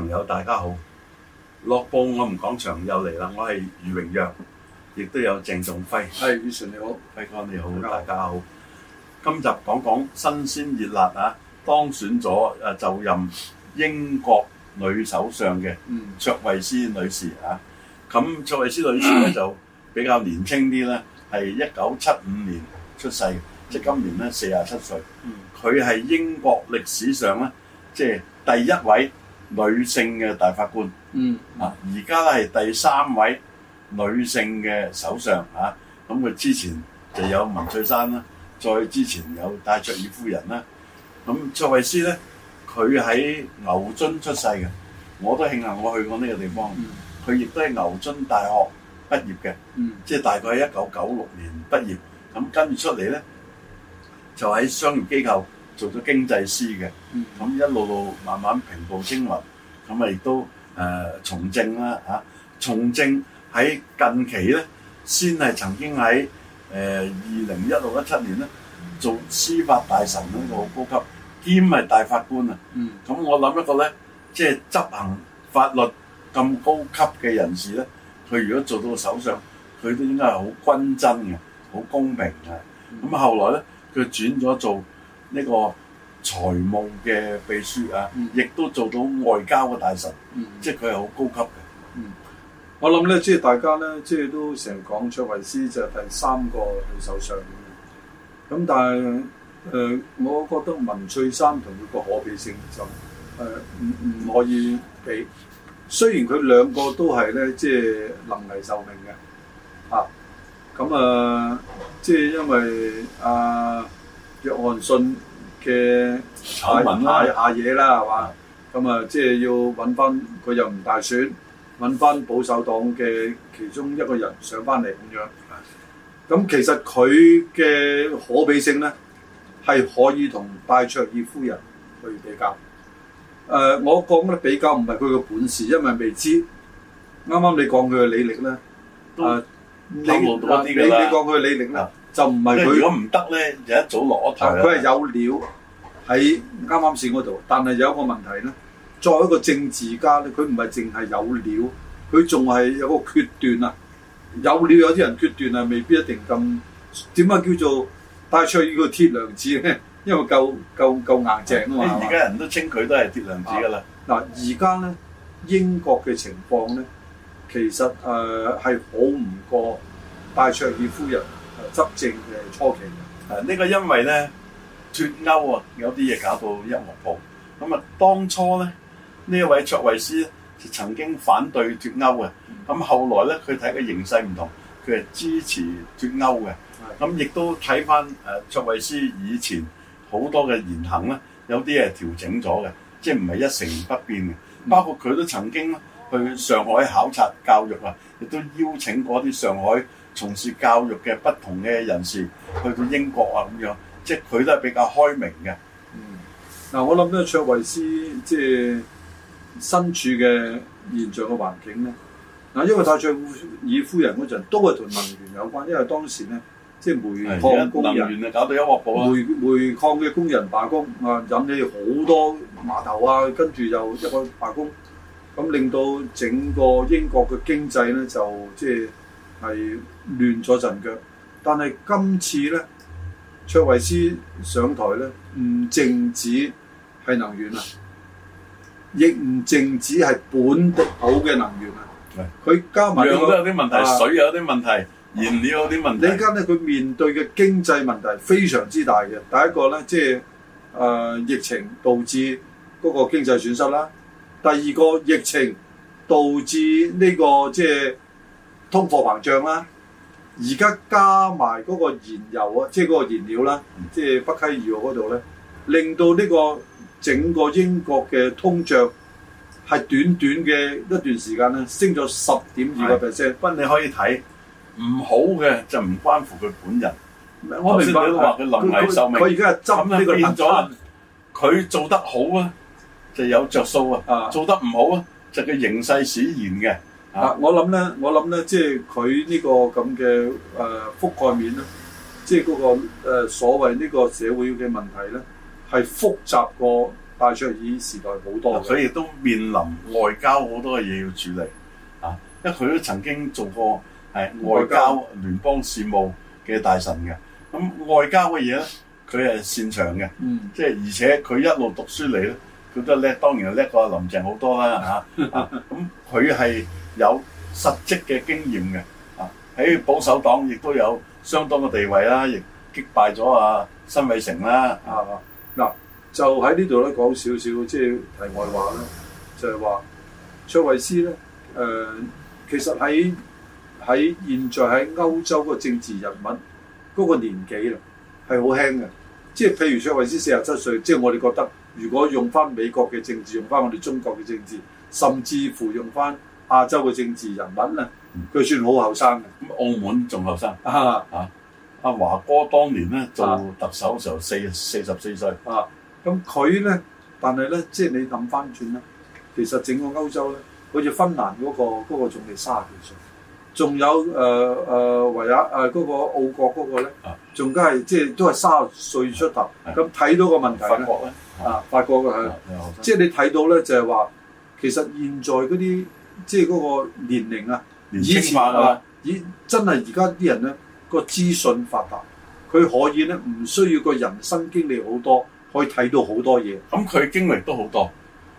朋友大家好，樂報我唔講場又嚟啦，我係余榮讓，亦都有鄭仲輝。係宇純你好，輝哥你好，大家好。今集講講新鮮熱辣啊！當選咗誒就任英國女首相嘅卓慧思女士啊！咁卓慧思女士咧就比較年輕啲啦，係一九七五年出世，即係今年咧四十七歲。佢係英國歷史上咧，即係第一位。女性嘅大法官，啊、嗯，而家咧係第三位女性嘅首相嚇，咁佢、嗯、之前就有文翠珊啦，嗯、再之前有戴卓爾夫人啦，咁卓慧思咧，佢喺牛津出世嘅，我都慶幸我去過呢個地方，佢亦都係牛津大學畢業嘅，即係、嗯、大概一九九六年畢業，咁跟住出嚟咧就喺商業機構。做咗經濟師嘅，咁一路路慢慢平步青雲，咁、呃、啊亦都誒從政啦嚇。從政喺近期咧，先係曾經喺誒二零一六一七年咧做司法大臣呢、那個好高級，兼係大法官啊。咁我諗一個咧，即係執行法律咁高級嘅人士咧，佢如果做到首相，佢都應該係好均真嘅，好公平嘅。咁後來咧，佢轉咗做。呢個財務嘅秘書啊、嗯，亦都做到外交嘅大臣、嗯，即係佢係好高級嘅、嗯。我諗咧，即係大家咧，即係都成日講卓慧思就係第三個對手上咁咁、嗯、但係誒、呃，我覺得文翠珊同佢個可比性就誒唔唔可以比。雖然佢兩個都係咧，即係臨危受命嘅嚇。咁啊，嗯呃、即係因為啊。呃約翰遜嘅踩踩下嘢啦，係嘛？咁啊，即係要揾翻佢又唔大選，揾翻保守黨嘅其中一個人上翻嚟咁樣。咁其實佢嘅可比性咧，係可以同戴卓爾夫人去比較。誒、呃，我講咧比較唔係佢嘅本事，因為未知。啱啱你講佢嘅履歷咧，都差、啊、你你講佢嘅履歷咧？就唔係佢，如果唔得咧，就一早攞頭。佢係有料喺啱啱線嗰度，但係有一個問題咧。作為一個政治家咧，佢唔係淨係有料，佢仲係有個決斷啊！有料有啲人決斷啊，未必一定咁。點解叫做戴卓爾個鐵娘子咧，因為夠夠夠硬淨啊嘛。而家人都稱佢都係鐵娘子噶啦。嗱是，而家咧英國嘅情況咧，其實誒係好唔過戴卓爾夫人。執政嘅初期，啊呢、這個因為咧脫歐啊，有啲嘢搞到一鑊泡。咁啊，當初咧呢一位卓慧思就曾經反對脫歐嘅，咁、啊、後來咧佢睇個形勢唔同，佢係支持脫歐嘅。咁亦的、啊、都睇翻誒卓慧思以前好多嘅言行咧，有啲係調整咗嘅，即係唔係一成不變嘅。包括佢都曾經去上海考察教育啊，亦都邀請過啲上海。從事教育嘅不同嘅人士去到英國啊咁樣，即係佢都係比較開明嘅。嗯，嗱我諗咧，卓慧思即係身處嘅現象嘅環境咧，嗱因為戴卓爾夫人嗰陣都係同能源有關，因為當時咧即係煤礦工人，啊搞到一鑊泡煤煤礦嘅工人罷工啊，引起好多碼頭啊，跟住又一個罷工，咁令到整個英國嘅經濟咧就即係。係亂咗陣腳，但係今次咧，卓慧思上台咧，唔淨止係能源啊，亦唔淨止係本地好嘅能源啊。佢、嗯、加埋糧都有啲問題，啊、水有啲問題，燃料有啲問題。呢而家咧，佢面對嘅經濟問題非常之大嘅。第一個咧，即係誒疫情導致嗰個經濟損失啦。第二個疫情導致呢、這個即係。就是通貨膨脹啦，而家加埋嗰個燃油啊，即係嗰個燃料啦，嗯、即係北溪二號嗰度咧，令到呢個整個英國嘅通脹係短短嘅一段時間咧的，升咗十點二個 percent。唔，你可以睇，唔好嘅就唔關乎佢本人。我明白，佢臨危受命，佢而家係執呢個政策，佢做得好啊，就有着數啊；做得唔好啊，就叫形勢使然嘅。啊！我諗咧，我諗咧，即係佢呢個咁嘅誒覆蓋面咧，即係嗰、嗰個、呃、所謂呢個社會嘅問題咧，係複雜過戴卓爾時代好多。佢亦都面臨外交好多嘅嘢要處理啊！因為佢都曾經做過係外交聯邦事務嘅大臣嘅。咁外交嘅嘢咧，佢係擅長嘅，即係、嗯、而且佢一路讀書嚟咧。嗯佢都叻，當然係叻過林鄭好多啦嚇。咁佢係有實績嘅經驗嘅，啊喺保守黨亦都有相當嘅地位啦，亦擊敗咗啊辛偉誠啦。啊，嗱、啊啊啊、就喺呢度咧講少少即係題外話啦，就係、是、話卓慧思咧誒、呃，其實喺喺現在喺歐洲個政治人物嗰個年紀啦，係好輕嘅，即、就、係、是、譬如卓慧思四十七歲，即、就、係、是、我哋覺得。如果用翻美國嘅政治，用翻我哋中國嘅政治，甚至乎用翻亞洲嘅政治人物咧，佢算好後生嘅。咁、嗯、澳門仲後生嚇，阿華哥當年咧做特首嘅時候，四四十四歲。啊，咁佢咧，但係咧，即、就、係、是、你諗翻轉啦，其實整個歐洲咧，好似芬蘭嗰、那個嗰、那個總理卅幾歲，仲有誒誒維也誒嗰個澳國嗰個咧，仲加係即係都係卅歲出頭。咁睇、啊啊、到個問題咧。法國 啊，發覺佢，啊嗯、即係你睇到咧，就係話，其實現在嗰啲，即係嗰個年齡啊，年輕化啊，以真係而家啲人咧，個資訊發達，佢可以咧唔需要個人生經歷好多，可以睇到好多嘢。咁佢、嗯、經歷都好多，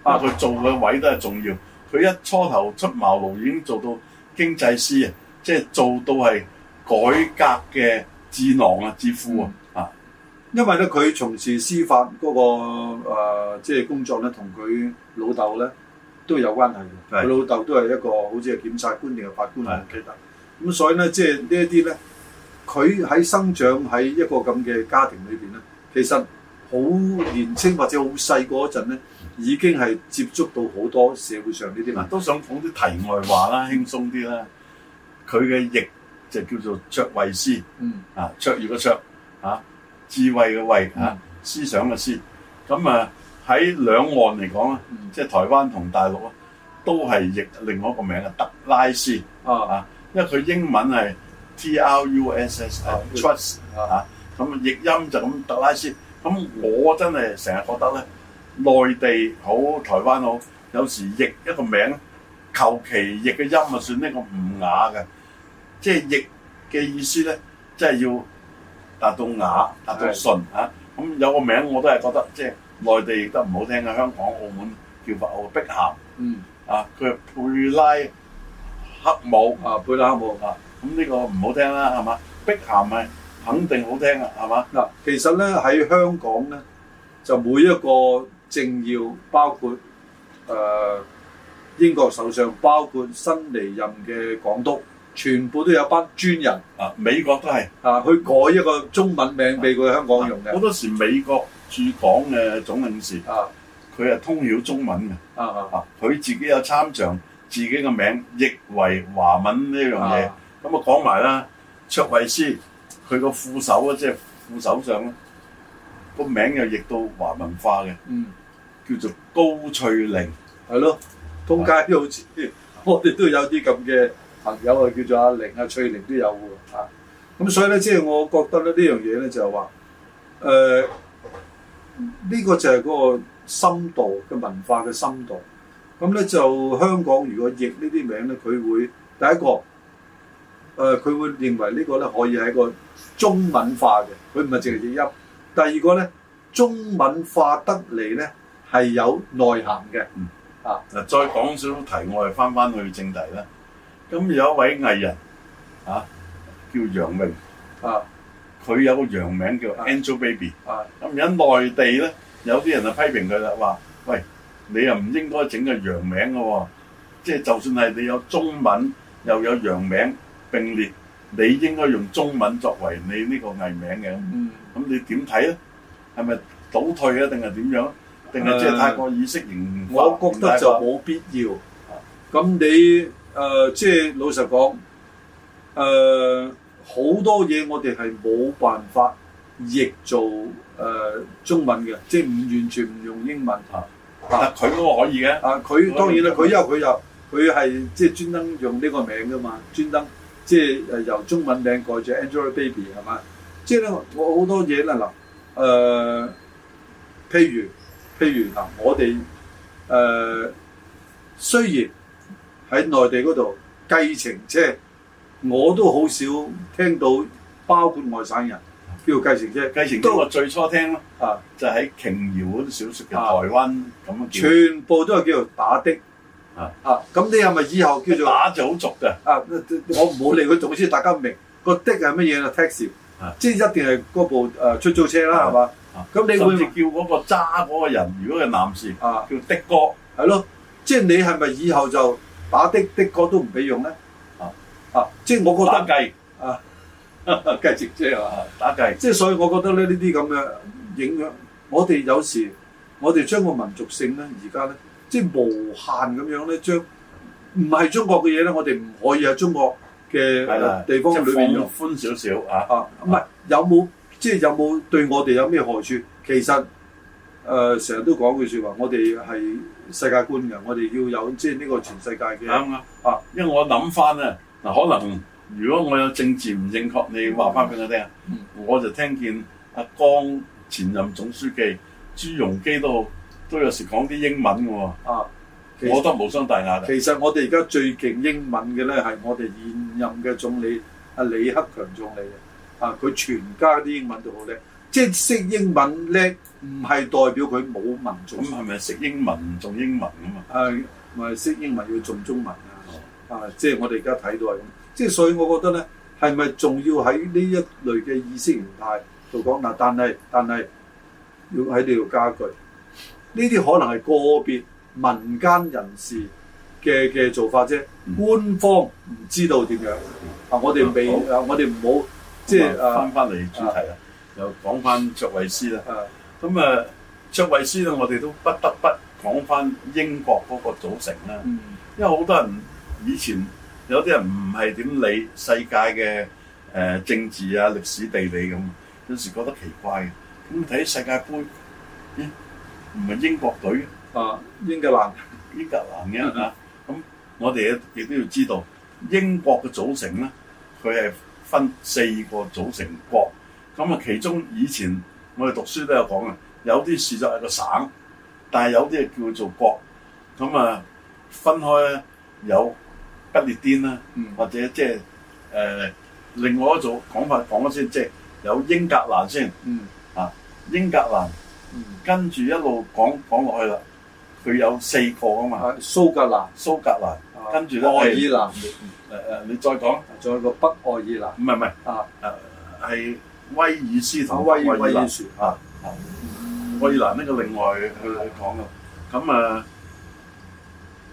啊，佢做嘅位都係重要。佢、啊、一初頭出茅廬已經做到經濟師啊，即、就、係、是、做到係改革嘅智囊啊，智庫啊。嗯因為咧，佢從事司法嗰、那個、呃、即係工作咧，同佢老豆咧都有關係嘅。佢的老豆都係一個好似係檢察官定係法官嚟嘅。咁的所以咧，即係呢一啲咧，佢喺生長喺一個咁嘅家庭裏邊咧，其實好年青或者好細個嗰陣咧，已經係接觸到好多社會上呢啲，人。嗯、都想講啲題外話啦，輕鬆啲啦。佢嘅譯就叫做卓慧思，嗯，啊，卓越嘅卓，嚇、啊。啊智慧嘅慧啊，思想嘅思，咁啊喺兩岸嚟講啊，即係台灣同大陸啊，都係譯另外一個名啊，特拉斯啊，因為佢英文係 T R U S S t r u s 啊，咁譯、啊啊、音就咁特拉斯，咁我真係成日覺得咧，內地好，台灣好，有時譯一個名，求其譯嘅音啊，算呢個唔雅嘅，即係譯嘅意思咧，即係要。達到雅，達到順嚇，咁的、啊、有個名我都係覺得，即係內地亦都唔好聽嘅。香港、澳門叫法澳，澳碧咸，嗯啊，佢係佩拉黑姆啊，佩拉黑姆啊，咁呢個唔好聽啦，係嘛？碧咸係肯定好聽啊，係嘛？嗱，其實咧喺香港咧，就每一個政要，包括誒、呃、英國首相，包括新離任嘅港督。全部都有班專人啊！美國都係啊，去改一個中文名俾佢香港用嘅。好多時美國駐港嘅總領事啊，佢係通曉中文嘅啊啊！佢自己有參詳自己嘅名譯為華文呢樣嘢。咁啊講埋啦，卓慧思佢個副手啊，即係副首相咧，個名又譯到華文化嘅。嗯，叫做高翠玲，係咯，通街都好似我哋都有啲咁嘅。朋友啊，叫做阿玲啊、翠玲都有喎啊，咁所以咧，即係我覺得咧呢樣嘢咧就係、是、話，誒、呃、呢、這個就係嗰個深度嘅文化嘅深度。咁、嗯、咧就香港如果譯呢啲名咧，佢會第一個誒佢、呃、會認為個呢個咧可以係一個中文化嘅，佢唔係淨係譯音。第二個咧中文化得嚟咧係有內涵嘅，啊！嗱、嗯，再講少少題，我哋翻翻去正題啦。咁有一位藝人啊，叫楊穎，啊，佢有個洋名叫 Angel Baby，啊，咁而家內地咧，有啲人就批評佢啦，話，喂，你又唔應該整個洋名嘅喎，即係就算係你有中文又有洋名並列，你應該用中文作為你呢個藝名嘅。嗯，咁你點睇咧？係咪倒退啊？定係點樣？定係即係太過意識形化？我覺得就冇必要。咁你？誒、呃，即係老實講，誒、呃、好多嘢我哋係冇辦法譯做誒中文嘅，即係唔完全唔用英文。啊，啊，佢嗰個可以嘅。啊他，佢當然啦，佢因為佢又，佢係即係專登用呢個名噶嘛，專登即係由中文名改做 Angelababy 係嘛？即係咧，我好多嘢啦嗱，誒、呃，譬如譬如嗱，我哋誒雖然。呃雖然喺內地嗰度計程車，我都好少聽到，包括外省人叫計程車、計程車。都係最初聽咯，啊，就喺瓊瑤嗰啲小説嘅台灣咁全部都係叫做打的。啊啊，咁你係咪以後叫做打就好俗嘅？啊，我唔好理佢，總之大家明個的係乜嘢啦？Taxi，即係一定係嗰部誒出租車啦，係嘛？咁你會叫嗰個揸嗰個人，如果係男士，啊，叫的哥，係咯，即係你係咪以後就？打的的確都唔俾用咧，啊啊！即係我覺得計雞啊，繼續即係啊，打計。即係所以，我覺得咧呢啲咁嘅影響，我哋有時我哋將個民族性咧，而家咧即係無限咁樣咧，將唔係中國嘅嘢咧，我哋唔可以喺中國嘅地方裏面即係放寬少少啊啊！唔係有冇即係有冇、啊、對我哋有咩害處？其實誒，成、呃、日都講句説話，我哋係。世界觀嘅，我哋要有即係呢個全世界嘅。啱吧啊，啊，因為我諗翻啊，嗱，可能如果我有政治唔正確，你話翻俾我聽。嗯，我就聽見阿江前任總書記朱鎔基都都有時講啲英文嘅喎。啊，我覺得無傷大雅。其實我哋而家最勁英文嘅咧，係我哋現任嘅總理阿李克強總理啊，佢全家啲英文都好叻。即係識英文叻，唔係代表佢冇民族。咁係咪識英文唔重英文啊？係咪識英文要重中文啊？啊，即係我哋而家睇到係咁。即係所以，我覺得咧，係咪仲要喺呢一類嘅意識形態度講？嗱，但係但係要喺呢度加句，呢啲可能係個別民間人士嘅嘅做法啫。嗯、官方唔知道點樣、嗯、啊？我哋未啊！我哋唔好即係啊，翻翻嚟主題啦。又講翻卓慧思啦，咁啊卓慧思啦，我哋都不得不講翻英國嗰個組成啦。因為好多人以前有啲人唔係點理世界嘅誒政治啊、歷史地理咁，有時覺得奇怪嘅。咁睇世界盃，唔係英國隊啊，英格蘭、英格蘭嘅嚇。咁我哋啊亦都要知道英國嘅組成咧，佢係分四個組成國。咁啊，其中以前我哋讀書都有講啊，有啲事就係個省，但係有啲嘢叫做國。咁啊，分開有不列顛啦，或者即係誒另外一組講法講咗先，即係有英格蘭先。嗯啊，英格蘭、啊、跟住一路講講落去啦，佢有四個啊嘛。蘇格蘭，蘇格蘭、啊、跟住愛爾蘭。誒、嗯、誒、呃，你再講。仲有一個北愛爾蘭。唔係唔係。啊啊，係。威爾斯同愛爾蘭啊，嗯、愛爾蘭呢個另外去講噶，咁、嗯、啊，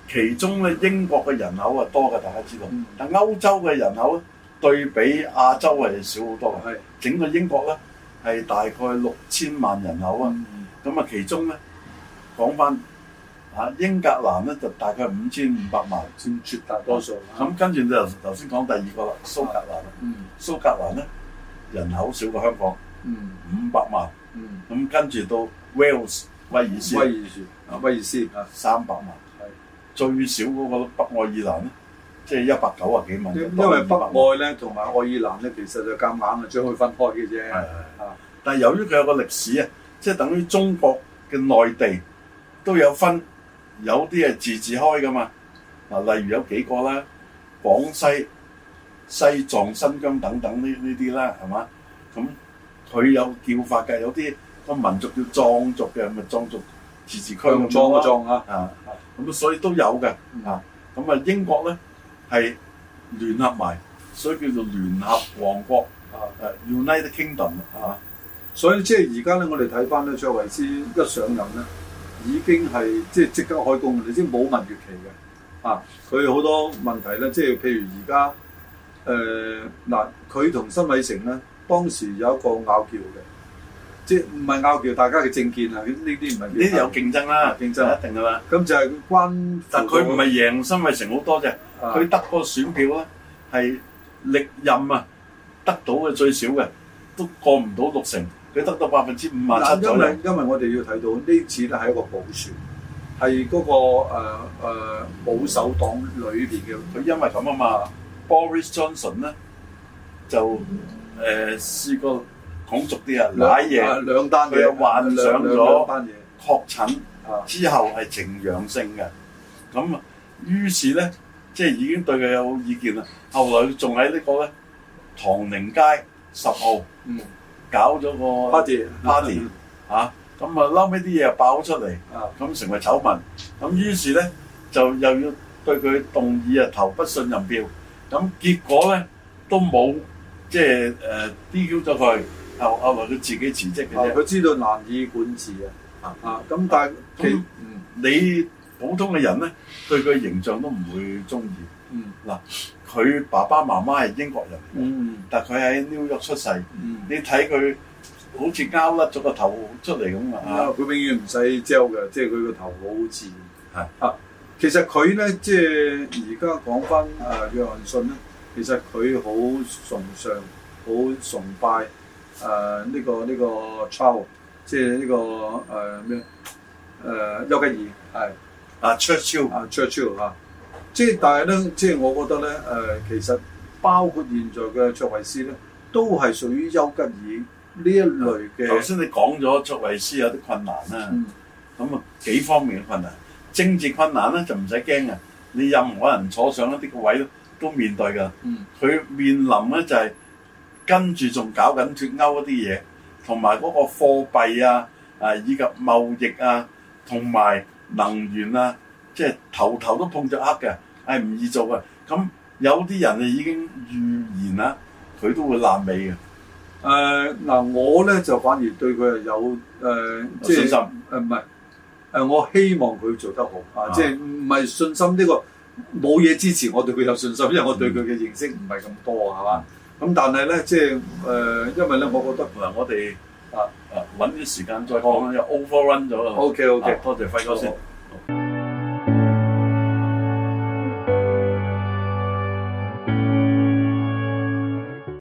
其中咧英國嘅人口啊多噶，大家知道，但係歐洲嘅人口、啊、對比亞洲係少好多噶。是整個英國咧、啊、係大概六千萬人口啊，咁啊、嗯嗯、其中咧講翻啊英格蘭咧就大概五千五百萬佔絕大多數。咁跟住就頭先講第二個蘇格蘭啦，蘇格蘭咧。人口少過香港，五百萬。咁、嗯、跟住到 Wales、嗯、威爾斯，威爾斯啊威爾斯啊三百萬。係最少嗰個北愛爾蘭咧，即係一百九啊幾萬。因為北愛咧同埋愛爾蘭咧，其實就夾硬啊將佢分開嘅啫。但係由於佢有個歷史啊，即係等於中國嘅內地都有分，有啲係自治開噶嘛。啊，例如有幾個啦，廣西、西藏、新疆等等呢呢啲啦，係嘛？咁佢有叫法嘅，有啲個民族叫藏族嘅，咁啊藏族自治區咁啊，咁吧所以都有嘅。啊，咁啊、嗯、英國咧係聯合埋，所以叫做聯合王國啊 United Kingdom 啊。所以即係而家咧，我哋睇翻咧，卓慧思一上任咧，已經係即係即刻開工，你知冇蜜月期嘅啊。佢好多問題咧，即係譬如而家。誒嗱，佢同、呃、辛偉誠咧，當時有一個拗撬嘅，即係唔係拗撬，大家嘅政見啊，呢啲唔係。呢啲有競爭啦，嗯、競爭一定係嘛。咁就係關，但係佢唔係贏辛偉誠好多啫，佢、啊、得個選票啊，係歷任啊，得到嘅最少嘅，都過唔到六成，佢得到百分之五十七左右。因為我哋要睇到呢次都係一個補選，係嗰、嗰個誒、呃呃、保守黨裏邊嘅，佢因為咁啊嘛。Boris Johnson 咧就誒試過講俗啲啊，賴嘢兩單嘢，幻想咗確診之後係呈陽性嘅，咁於、嗯、是咧即係已經對佢有意見啦。後來仲喺呢個咧唐寧街十號搞咗個 party 嚇，咁啊後尾啲嘢爆咗出嚟，咁成為醜聞。咁於、嗯、是咧就又要對佢動議啊投不信任票。咁結果咧都冇，即係誒 DQ 咗佢，後阿華佢自己辭職嘅啫。佢、啊、知道難以管治啊。啊，咁但係你、嗯嗯、普通嘅人咧，對佢形象都唔會中意。嗯，嗱、啊，佢爸爸媽媽係英國人。嗯、但係佢喺 New York 出世。嗯、你睇佢好似鈎甩咗個頭出嚟咁、嗯、啊！佢永遠唔使焦嘅，即係佢個頭好似。然。係。其實佢咧，即係而家講翻啊，約翰遜咧，其實佢好崇尚、好崇拜、呃這個這個呃呃、啊、Churchill、啊呢個呢個操，即係呢個誒咩誒丘吉爾係啊 Churchill 啊 Churchill 即係但係咧，即係我覺得咧，誒、呃、其實包括現在嘅卓慧思咧，都係屬於丘吉爾呢一類嘅。頭先、啊、你講咗卓慧思有啲困難啦，咁啊、嗯、幾方面嘅困難。政治困難咧就唔使驚嘅，你任何人坐上一啲個位都面對噶。佢、嗯、面臨咧就係跟住仲搞緊脱歐一啲嘢，同埋嗰個貨幣啊，啊以及貿易啊，同埋能源啊，即係頭頭都碰著黑嘅，係、哎、唔易做嘅。咁有啲人啊已經預言啦，佢都會爛尾嘅。誒嗱、呃呃，我咧就反而對佢係有誒信心，即係誒唔係。誒我希望佢做得好啊！啊即係唔係信心呢、這個冇嘢支持我對佢有信心，因為我對佢嘅認識唔係咁多啊，係嘛、嗯？咁但係咧，即係誒、呃，因為咧，我覺得誒，我哋啊啊，搵啲時間再講又 overrun 咗啦。OK OK，啊、okay. 多謝輝哥先。Okay.